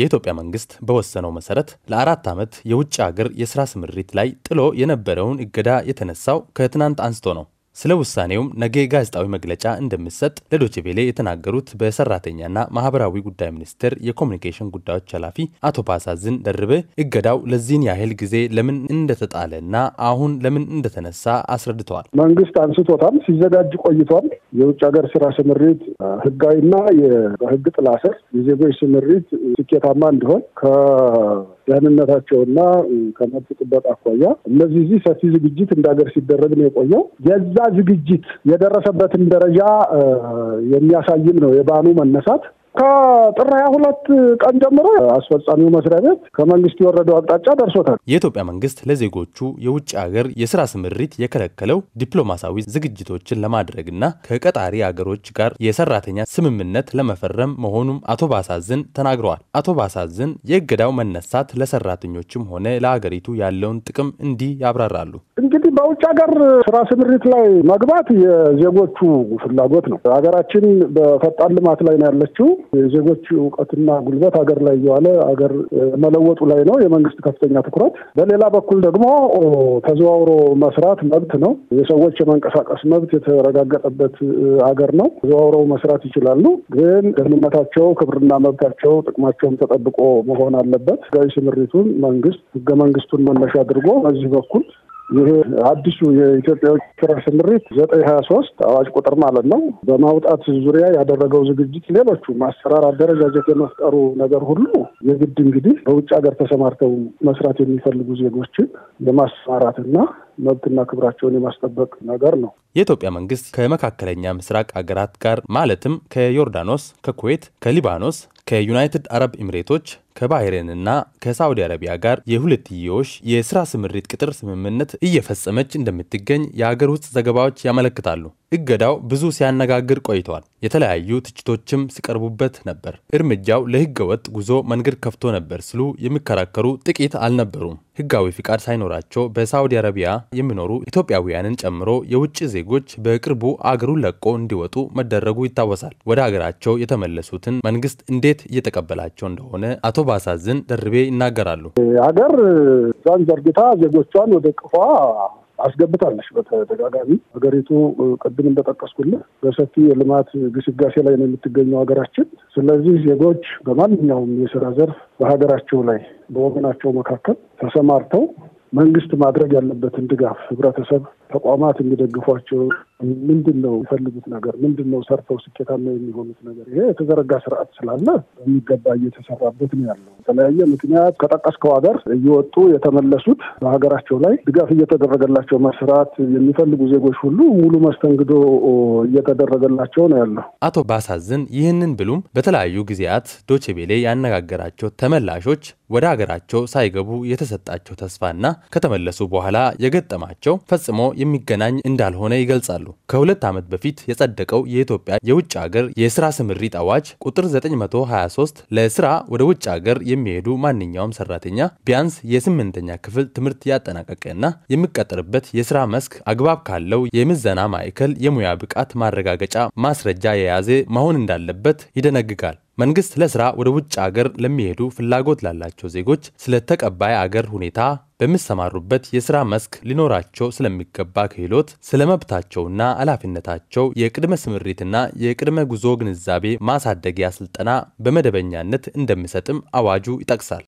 የኢትዮጵያ መንግስት በወሰነው መሰረት ለአራት ዓመት የውጭ አገር የስራ ስምሪት ላይ ጥሎ የነበረውን እገዳ የተነሳው ከትናንት አንስቶ ነው። ስለ ውሳኔውም ነገ ጋዜጣዊ መግለጫ እንደሚሰጥ ለዶችቬሌ የተናገሩት በሰራተኛና ማህበራዊ ጉዳይ ሚኒስቴር የኮሚኒኬሽን ጉዳዮች ኃላፊ አቶ ባሳዝን ደርበ እገዳው ለዚህን ያህል ጊዜ ለምን እንደተጣለና አሁን ለምን እንደተነሳ አስረድተዋል። መንግስት አንስቶታል፣ ሲዘጋጅ ቆይቷል። የውጭ ሀገር ስራ ስምሪት ህጋዊና የህግ ጥላ ስር የዜጎች ስምሪት ስኬታማ እንዲሆን ደህንነታቸውና ከመብት ጥበቃ አኳያ እነዚህ እዚህ ሰፊ ዝግጅት እንደ ሀገር ሲደረግ ነው የቆየው። የዛ ዝግጅት የደረሰበትን ደረጃ የሚያሳይም ነው የባኑ መነሳት። ከጥር ሀያ ሁለት ቀን ጀምሮ አስፈጻሚው መስሪያ ቤት ከመንግስት የወረደው አቅጣጫ ደርሶታል። የኢትዮጵያ መንግስት ለዜጎቹ የውጭ ሀገር የስራ ስምሪት የከለከለው ዲፕሎማሲያዊ ዝግጅቶችን ለማድረግና ከቀጣሪ ሀገሮች ጋር የሰራተኛ ስምምነት ለመፈረም መሆኑም አቶ ባሳዝን ተናግረዋል። አቶ ባሳዝን የእገዳው መነሳት ለሰራተኞችም ሆነ ለሀገሪቱ ያለውን ጥቅም እንዲህ ያብራራሉ። እንግዲህ በውጭ ሀገር ስራ ስምሪት ላይ መግባት የዜጎቹ ፍላጎት ነው። ሀገራችን በፈጣን ልማት ላይ ነው ያለችው። የዜጎች እውቀትና ጉልበት ሀገር ላይ እየዋለ ሀገር መለወጡ ላይ ነው የመንግስት ከፍተኛ ትኩረት። በሌላ በኩል ደግሞ ተዘዋውሮ መስራት መብት ነው። የሰዎች የመንቀሳቀስ መብት የተረጋገጠበት ሀገር ነው። ተዘዋውረው መስራት ይችላሉ። ግን ደህንነታቸው፣ ክብርና መብታቸው፣ ጥቅማቸውም ተጠብቆ መሆን አለበት። ህጋዊ ስምሪቱን መንግስት ህገ መንግስቱን መነሻ አድርጎ በዚህ በኩል ይሄ አዲሱ የኢትዮጵያ ውጭ ስምሪት ዘጠኝ ሀያ ሶስት አዋጅ ቁጥር ማለት ነው በማውጣት ዙሪያ ያደረገው ዝግጅት፣ ሌሎቹ ማሰራር፣ አደረጃጀት የመፍጠሩ ነገር ሁሉ የግድ እንግዲህ በውጭ ሀገር ተሰማርተው መስራት የሚፈልጉ ዜጎችን የማሰማራትና መብትና ክብራቸውን የማስጠበቅ ነገር ነው። የኢትዮጵያ መንግስት ከመካከለኛ ምስራቅ አገራት ጋር ማለትም ከዮርዳኖስ፣ ከኩዌት፣ ከሊባኖስ፣ ከዩናይትድ አረብ ኤሚሬቶች፣ ከባህሬንና ከሳዑዲ አረቢያ ጋር የሁለትዮሽ የስራ ስምሪት ቅጥር ስምምነት እየፈጸመች እንደምትገኝ የአገር ውስጥ ዘገባዎች ያመለክታሉ። እገዳው ብዙ ሲያነጋግር ቆይቷል። የተለያዩ ትችቶችም ሲቀርቡበት ነበር። እርምጃው ለህገ ወጥ ጉዞ መንገድ ከፍቶ ነበር ሲሉ የሚከራከሩ ጥቂት አልነበሩም። ህጋዊ ፍቃድ ሳይኖራቸው በሳዑዲ አረቢያ የሚኖሩ ኢትዮጵያውያንን ጨምሮ የውጭ ዜጎች በቅርቡ አገሩን ለቆ እንዲወጡ መደረጉ ይታወሳል። ወደ አገራቸው የተመለሱትን መንግስት እንዴት እየተቀበላቸው እንደሆነ አቶ ባሳዝን ደርቤ ይናገራሉ። አገር ዛን ዘርግታ ዜጎቿን ወደ ቅፏ አስገብታለች። በተደጋጋሚ ሀገሪቱ ቅድም እንደጠቀስኩልህ በሰፊ የልማት ግስጋሴ ላይ ነው የምትገኘው ሀገራችን። ስለዚህ ዜጎች በማንኛውም የስራ ዘርፍ በሀገራቸው ላይ በወገናቸው መካከል ተሰማርተው መንግስት ማድረግ ያለበትን ድጋፍ ህብረተሰብ ተቋማት የሚደግፏቸው ምንድን ነው የፈልጉት ነገር ምንድን ነው ሰርተው ስኬታማ የሚሆኑት ነገር ይሄ የተዘረጋ ስርዓት ስላለ በሚገባ እየተሰራበት ነው ያለው። የተለያየ ምክንያት ከጠቀስከው ሀገር እየወጡ የተመለሱት በሀገራቸው ላይ ድጋፍ እየተደረገላቸው መስራት የሚፈልጉ ዜጎች ሁሉ ሙሉ መስተንግዶ እየተደረገላቸው ነው ያለው። አቶ ባሳዝን ይህንን ብሉም በተለያዩ ጊዜያት ዶችቤሌ ያነጋገራቸው ተመላሾች ወደ ሀገራቸው ሳይገቡ የተሰጣቸው ተስፋና ከተመለሱ በኋላ የገጠማቸው ፈጽሞ የሚገናኝ እንዳልሆነ ይገልጻሉ። ከሁለት ዓመት በፊት የጸደቀው የኢትዮጵያ የውጭ ሀገር የስራ ስምሪት አዋጅ ቁጥር 923 ለስራ ወደ ውጭ ሀገር የሚሄዱ ማንኛውም ሰራተኛ ቢያንስ የስምንተኛ ክፍል ትምህርት ያጠናቀቀና የሚቀጠርበት የስራ መስክ አግባብ ካለው የምዘና ማዕከል የሙያ ብቃት ማረጋገጫ ማስረጃ የያዘ መሆን እንዳለበት ይደነግጋል። መንግስት ለስራ ወደ ውጭ አገር ለሚሄዱ ፍላጎት ላላቸው ዜጎች ስለ ተቀባይ አገር ሁኔታ፣ በሚሰማሩበት የስራ መስክ ሊኖራቸው ስለሚገባ ክህሎት፣ ስለ መብታቸውና ኃላፊነታቸው የቅድመ ስምሪትና የቅድመ ጉዞ ግንዛቤ ማሳደጊያ ስልጠና በመደበኛነት እንደሚሰጥም አዋጁ ይጠቅሳል።